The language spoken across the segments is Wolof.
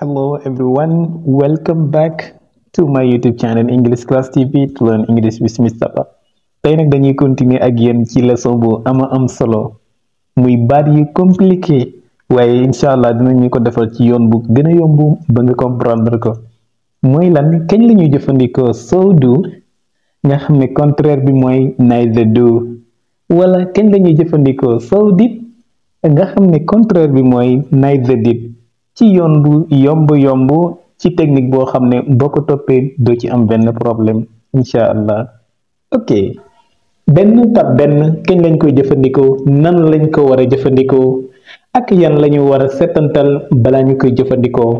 Hello everyone, welcome back to my YouTube channel English Class TV to learn English with Mr. tey nag dañuy continuer ak yéen ci leçon bu ama am solo muy baat yi compliqué waaye incha allah dinañu ko defal ci yoon bu gën a yomb ba nga comprendre ko mooy lan kañ la ñuy jëfandikoo sow do nga xam ne contraire bi mooy neither do wala kañ lañuy jëfandikoo so did nga xam ne contraire bi mooy neither did ci yoon bu yomb yomb ci technique boo xam ne boo ko toppee doo ci am benn problème incha allah ok benn tab benn kañ lañ koy jëfandikoo nan lañ ko war a jëfandikoo ak yan la ñu war a setantal balaa ñu koy jëfandikoo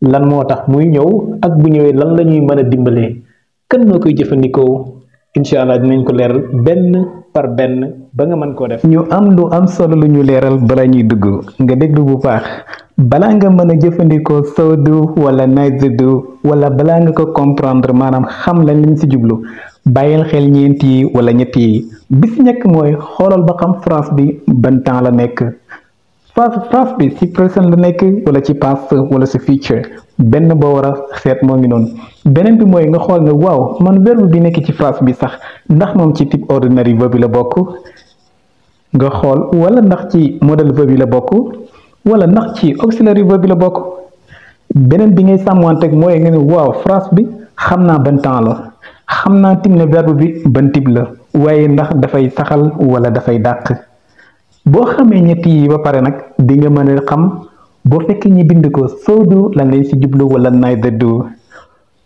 lan moo tax muy ñëw ak bu ñëwee lan la ñuy mën a dimbalee kan moo koy jëfandikoo incha allah dinañ ko leeral benn. par benn ba nga man koo def. ñu am lu am solo lu ñu leeral bala ñuy dugg nga déglu bu baax balaa nga mën a jëfandikoo sawdu wala najdu wala balaa nga ko comprendre maanaam xam lañ lañ ci jublu bàyyil xel ñeent yi wala ñett yi bi ci njëkk mooy xoolal ba xam phrase bi ban temps la nekk. pass pass bi ci present la nekk wala ci past wala ci future benn boo war a seet moo ngi noonu beneen bi mooy nga xool ne waaw man verbe bi nekk ci phrase bi sax ndax moom ci type ordinary verbe bi la bokk nga xool wala ndax ci modal verbe bi la bokk wala ndax ci auxiliary bi la bokk beneen bi ngay sàmmanteeg mooy nga ne waaw phrase bi xam naa ban temps la xam naa tim ne verbe bi ban type la waaye ndax dafay saxal wala dafay dàq. boo xamee ñett yi ba pare nag di nga mën xam boo fekkee ñi bind ko sawdu lan lañ si jublu wala najdadu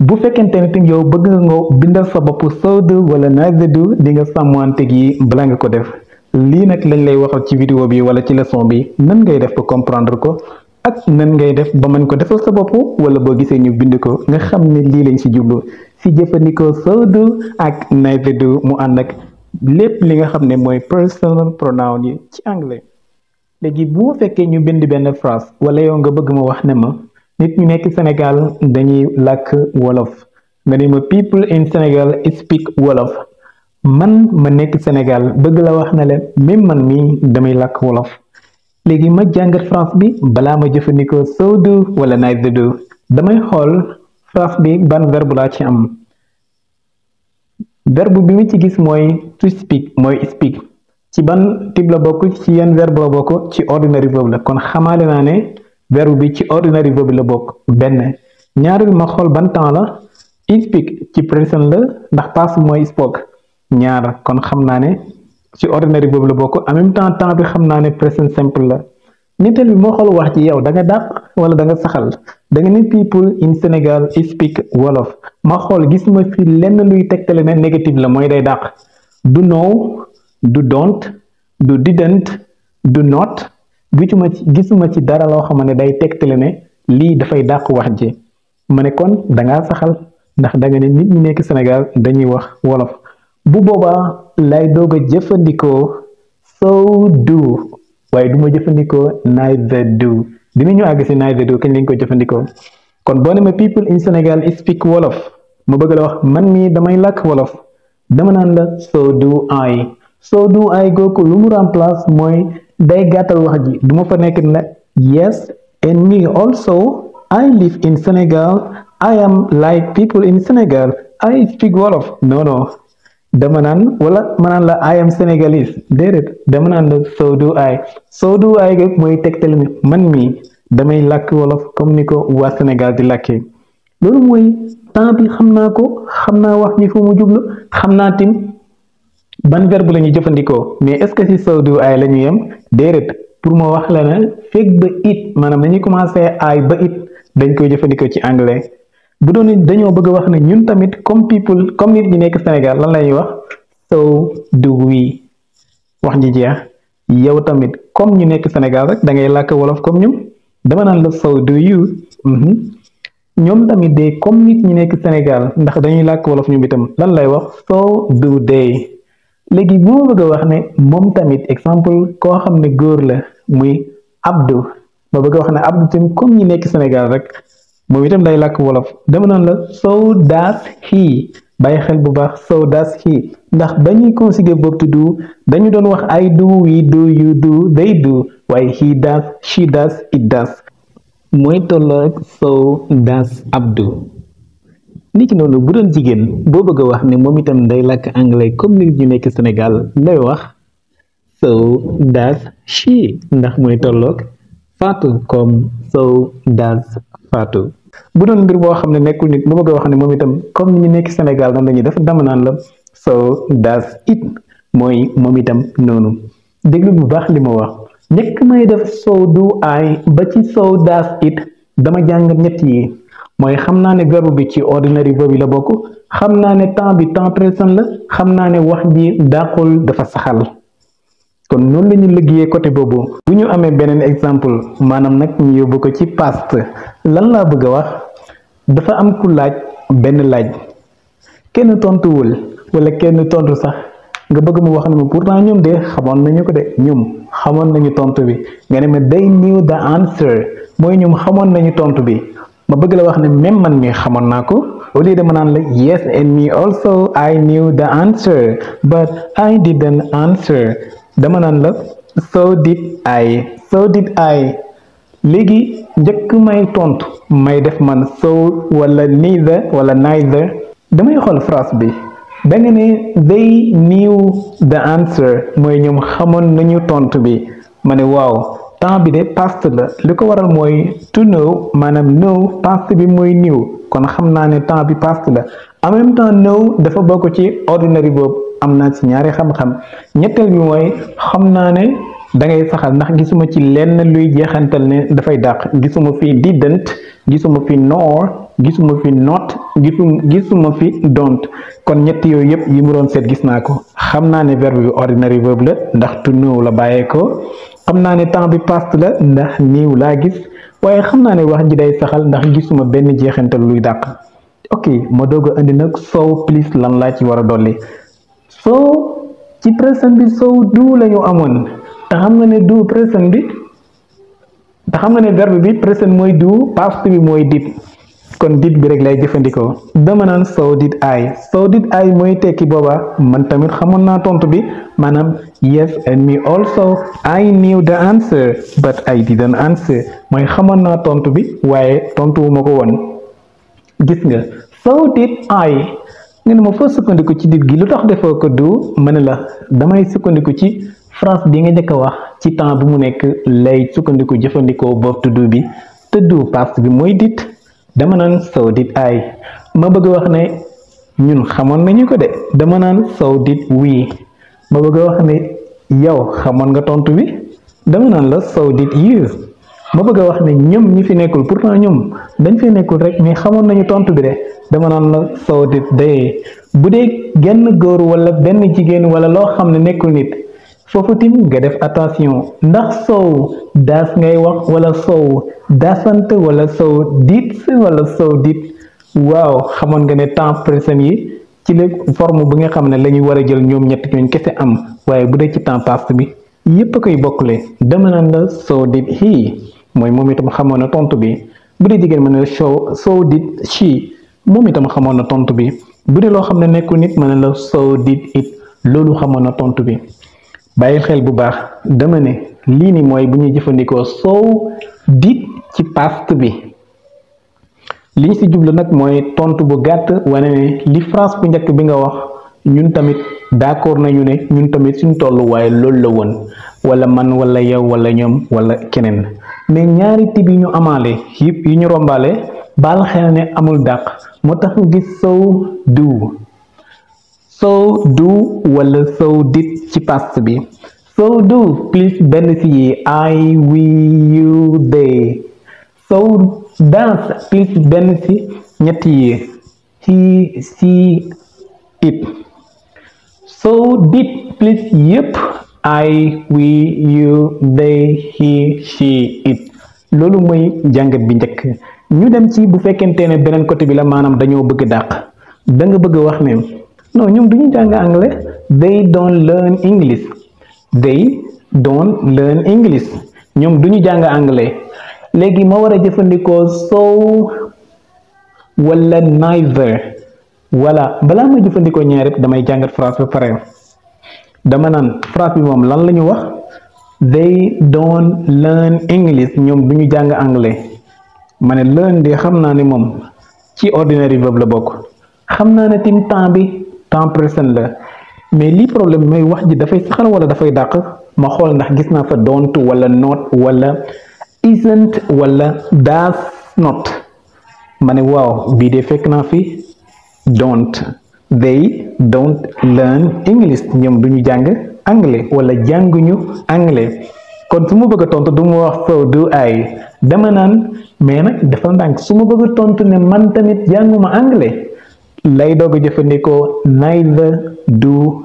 bu fekkente nit yow bëgg nga bindal sa bopp sawdu wala najdadu di nga sàmmanteeg yi bala nga ko def lii nag lañ lay waxal ci vidéo bi wala ci leçon bi nan ngay def ba comprendre ko ak nan ngay def ba mën ko defal sa bopp wala boo gisee ñu bind ko nga xam ne lii lañ si jublu si jëfandikoo sawdu ak najdadu mu ànd ak. lépp li nga xam ne mooy personal pronoun yi ci anglais léegi boo fekkee ñu bind benn phrase wala yow nga bëgg ma wax ne ma nit ñu nekk Sénégal dañuy làkk wolof nga ne ma people in Sénégal speak wolof man ma nekk Sénégal bëgg la wax na leen même man mii damay làkk wolof léegi ma jàngat phrase bi balaa ma jëfandikoo so do wala neither do damay xool phrase bi ban verbe laa ci am. verbe bi mu ci gis mooy to speak mooy speak ci ban type la bokk ci yenn verbe la bokk ci ordinary verb la kon xamaale naa ne verbe bi ci ordinary verb la bokk benn ñaareel ma xool ban temps la speak ci present la ndax past mooy spoke ñaar kon xam naa ne ci ordinary verb la bokk en même temps temps bi xam naa ne present simple la ñetteel moo xool wax ci yow da dàq wala danga saxal da nga ni people in Sénégal speak wolof ma xool gis ma fi lenn luy tegtale ne négative la mooy day dàq du noow du don't du didn't du not gisuma ci gisuma ci dara loo xam ne day tegtale ne lii dafay dàq wax ji ma ne kon da saxal ndax da nga ne nit ñi nekk Sénégal dañuy wax wolof bu boobaa lay doog a jëfandikoo so do waaye du ma jëfandikoo neither do dina ñu àgg si nice video kañ lañ koy jëfandikoo kon boo ne ma people in Sénégal speak wolof ma bëgg la wax man mii damay làkk wolof dama naan la so do I so do I gooku lu mu remplace mooy day gàttal wax ji du ma fa nekk ne la yes and me also I live in Sénégal I am like people in Sénégal I speak wolof non non dama naan wala ma naan la I am Senegalese déedéet dama naan la so do I so do mooy tegtal mi man mii damay làkk wolof comme ni ko waa Sénégal di làkkee loolu mooy temps bi xam naa ko xam naa wax ñi fu mu jublu xam naa tim ban verbe la ñuy jëfandikoo mais est-ce que si so do I yem déedéet pour ma wax la ne fekk ba it maanaam dañuy commencé aay ba it dañ koy jëfandikoo ci anglais. bu doon dañoo bëgg a wax ne ñun tamit comme people comme nit ñi nekk Sénégal lan la ñuy wax so do we wax ji jeex yow tamit comme ñu nekk Sénégal rek da ngay làkk wolof comme ñu dama naan la so do you mm-hmm. tamit de comme nit nekk Sénégal ndax dañuy làkk wolof ñu bitam lan lay wax so do they léegi bu ma bëgg wax ne moom tamit exemple koo xam ne góor la muy Abdou ma bëgg a wax ne Abdou tamit comme ñi nekk Sénégal rek. moom itam day làkk wolof dama la so does he bàyyi xel bu baax so does he ndax ba ñuy conjugué verbe to dañu doon wax I do we do you do they do waaye he does she does it does mooy tolloo ak so does Abdou. nit ki noonu bu doon jigéen boo bëgg a wax ne moom itam day làkk anglais comme nit ñu nekk Sénégal lay wax so does she ndax mooy tolloog Fatou comme so does faatu bu doon mbir boo xam ne nekkul nit mu bëgg a wax ne moom itam comme ni ñu nekk Sénégal nan la ñuy def dama naan la so does it mooy moom itam noonu déglu bu baax li ma wax njëkk may def so do I ba ci so does it dama jàngat ñett yi mooy xam naa ne verbe bi ci ordinary verbe bi la bokk xam naa ne temps bi temps présent la xam naa ne wax ji dàqul dafa saxal. kon noonu la ñu liggéeyee côté boobu bu ñu amee beneen exemple maanaam nag ñu yóbbu ko ci past lan laa bëgg a wax dafa am ku laaj benn laaj kenn tontuwul wala kenn tontu sax nga bëgg mu wax ne ma pourtant ñoom de xamoon nañu ko de ñoom xamoon nañu tontu bi nga ne ma they knew the mooy ñoom xamoon nañu tontu bi ma bëgg la wax ne même man mi xamoon naa ko au dama naan la yes and me also I knew the answer but I didn't answer dama naan la so did I so did I léegi njëkk may tontu may def man so wala neither wala neither damay xol phrase bi da nga ne they knew the answer mooy ñoom xamoon nañu tontu bi ma ne waaw temps bi de past la li ko waral mooy to know maanaam know past bi mooy new kon xam naa ne temps bi past la en même temps know dafa bokk ci ordinary boobu. am naa si ñaari xam-xam ñetteel bi mooy xam naa ne da ngay saxal ndax gisuma ci lenn luy jeexantal ne dafay dàq gisuma fi didn't gisuma fi nor gisuma fi not gisum gisuma fi don't kon ñett yooyu yëpp yi mu doon seet gis naa ko xam naa ne verbe bi ordinary verb la ndax to la bàyyee ko xam naa ne temps bi past la ndax niiw laa gis waaye xam naa ne wax ji day saxal ndax gisuma benn jeexantal luy dàq ok ma doog indi nag so please lan laa ci war a dolli soo ci présent bi soow du la ñu amoon te xam nga ne du présent bi te xam nga ne verbe bi présent mooy du past bi mooy did kon did bi rek lay jëfandikoo dama naan so did I so did I mooy tekki booba man tamit xamoon naa tontu bi maanaam yes and me also I knew the answer but I didn't answer mooy xamoon naa tontu bi waaye tontu wu ko woon gis nga so did I nga ne ma foo sukkandiku ci dit gi lu tax defoo ko du mën la damay sukkandiku ci France bi nga njëkk wax ci temps bi mu nekk lay sukkandiku jëfandikoo bopp tuddu bi tëddu past bi mooy dit dama naan sow dit ay ma bëgg wax ne ñun xamoon nañu ko de dama naan sow dit wii ma bëgg wax ne yow xamoon nga tontu bi dama naan la sow dit you ma bëgg wax ne ñoom ñi fi nekkul pour pourtant ñoom dañ fee nekkul rek mais xamoon nañu tontu bi de dama naan la soo di dayee bu dee genn góor walla benn jigéen walla loo xam ne nekkul nit foofu tim nga def attention ndax soow daas ngay wax wala soow daasant wala soow diit wala soow diit waaw xamoon nga ne temps yi ci la form bu nga xam ne lañuy war a jël ñoom ñett ñooñ kese am waaye bu dee ci temps bi yépp a koy bokkule dama naan la soo diit hii mooy moom itam xamoon na tontu bi. bu dee jigéen mën ne la sow so did she moom itam xamoon na tontu bi bu dee loo xam ne nekkul nit mën ne la sow di it loolu xamoon na tontu bi bàyyi xel bu baax dama ne lii ni mooy bu ñuy jëfandikoo so did ci past bi li ñu si jublu nag mooy tontu bu gàtt wane ne li phrase bu njëkk bi nga wax ñun tamit d'accord nañu ne ñun tamit suñ tolluwaay loolu la woon wala man walla yow wala ñoom wala keneen mais ñaari tib yi ñu amaale yëpp yi ñu rombale baal xel ne amul dàq moo tax mu gis soow diw soow du wala sow dit ci past bi soow do plus benn si yi I we you they sow dance plus benn si ñett yi he she it sow dit plus yëpp I we you they he loolu mooy jàngat bi njëkk ñu dem ci bu fekkente ne beneen côté bi la maanaam dañoo bëgg dàq da bëgg wax ne non ñoom du jàng anglais they don't learn English they don't learn English ñoom du jàng anglais léegi ma war a jëfandikoo so wala neither wala balaa ma jëfandikoo ñaar damay jàngat phrase ba pare. dama naan FRAPP yi moom lan la ñu wax they don't learn English ñoom bu ñu jàng anglais ma ne learn de xam naa ne moom ci ordinary verb la bokk xam naa ne tim temps bi temps présent la mais lii problème mooy wax ji dafay saxal wala dafay dàq ma xool ndax gis naa fa don't walla not walla isn't wala does not ma ne waaw bii de fekk naa fi don't they don't learn English ñoom du ñu jàng anglais wala jànguñu anglais kon su ma bëgg tont tontu du ma wax so do I dama naan nag dafa ndànk su ma bëgg a tontu ne man tamit jànguma anglais lay doog jëfandikoo neither do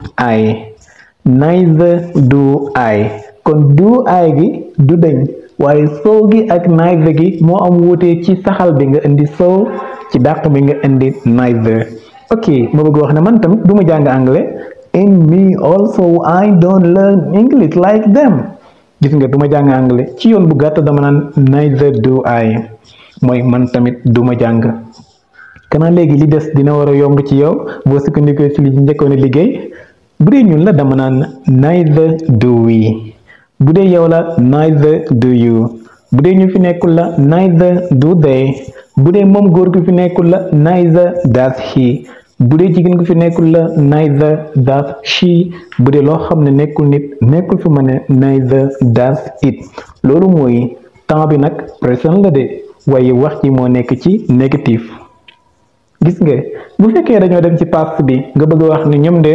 I kon do I gi du dañ waaye soo gi ak neither gi moo am wuute ci saxal bi nga indi soow ci dàq bi nga indi neither ok ma bëgg wax ne man tamit du ma jàng anglais in me also I don't learn English like them gis nga duma jàng anglais ci yoon bu gàtt dama naan neither do I mooy man tamit duma jàng kanaa léegi li des dina war a yomb ci yow boo sukkandikoo ci li njëkkoon liggéey bu dee ñun la dama naan neither do we bu dee yow la neither do you bu dee ñu fi nekkul la neither do they bu dee moom góor gu fi nekkul la neither does he bu dee jigéen gu fi nekkul la neither does she bu dee loo xam ne nekkul nit nekkul fi ma ne neither does it loolu mooy temps bi nag présent la de waaye wax ji moo nekk ci négatif gis nga bu fekkee dañoo dem ci past bi nga bëgg a wax ne ñoom de.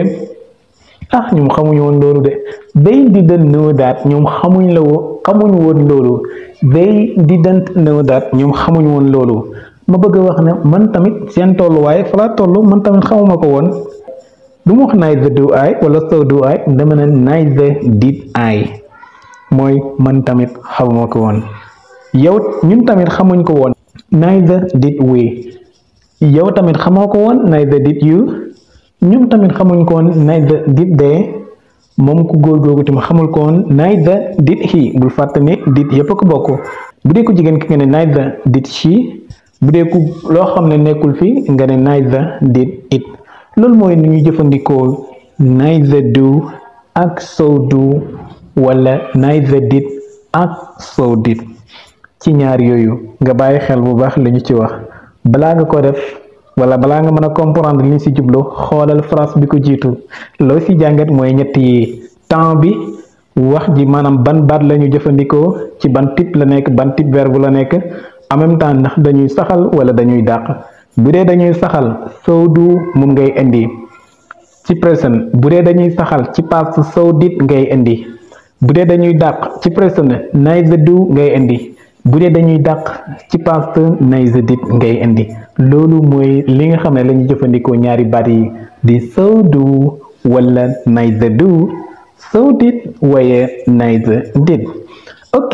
ah ñoom xamuñu woon loolu de they didn't know that ñoom xamuñ la woo woon loolu they didn't know that ñoom xamuñ woon loolu ma bëgg a wax ne man tamit seen tolluwaay fa laa toll man tamit xamuma ko woon lu ma wax neither do I wala so do I dama ne neither did I mooy man tamit xamuma ko woon yow ñun tamit xamuñ ko woon neither did we yow tamit xamoo ko woon neither did you ñoom tamit xamuñ ko woon neither did moom ku góor googu tamit xamul koon woon neither did he bul fàtte ne did yëpp a ko bokk bu dee ku jigéen ki nga ne neither dit she bu dee ku loo xam ne nekkul fi nga ne neither did it loolu mooy ni ñu jëfandikoo neither do ak so do wala neither dit ak sow did ci ñaar yooyu nga bàyyi xel bu baax lañu ci wax balaa nga ko def. wala balaa nga mën a comprendre li ñu si jublu xoolal phrase bi ko jiitu loo si jàngat mooy ñett yi temps bi wax ji maanaam ban baat la ñu jëfandikoo ci ban type la nekk ban type la nekk en même temps ndax dañuy saxal wala dañuy dàq bu dee dañuy saxal soo du mun ngay indi ci présent bu dee dañuy saxal ci past soo dit ngay indi bu dee dañuy dàq ci présent neither do ngay indi bu dee dañuy dàq ci past nice dit ngay indi loolu mooy li nga xam ne lañu jëfandikoo ñaari baat yi di sawdu wala nice du sawdit waaye nice dit ok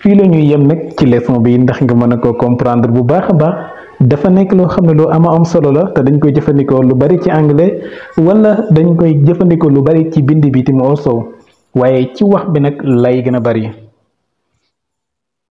fii la ñuy yem nag ci leçon bi ndax nga mën a ko comprendre bu baax a baax dafa nekk loo xam ne loo am am solo la te dañ koy jëfandikoo lu bari ci anglais wala dañ koy jëfandikoo lu bari ci bind bi ti mu also waaye ci wax bi nag lay gën a bari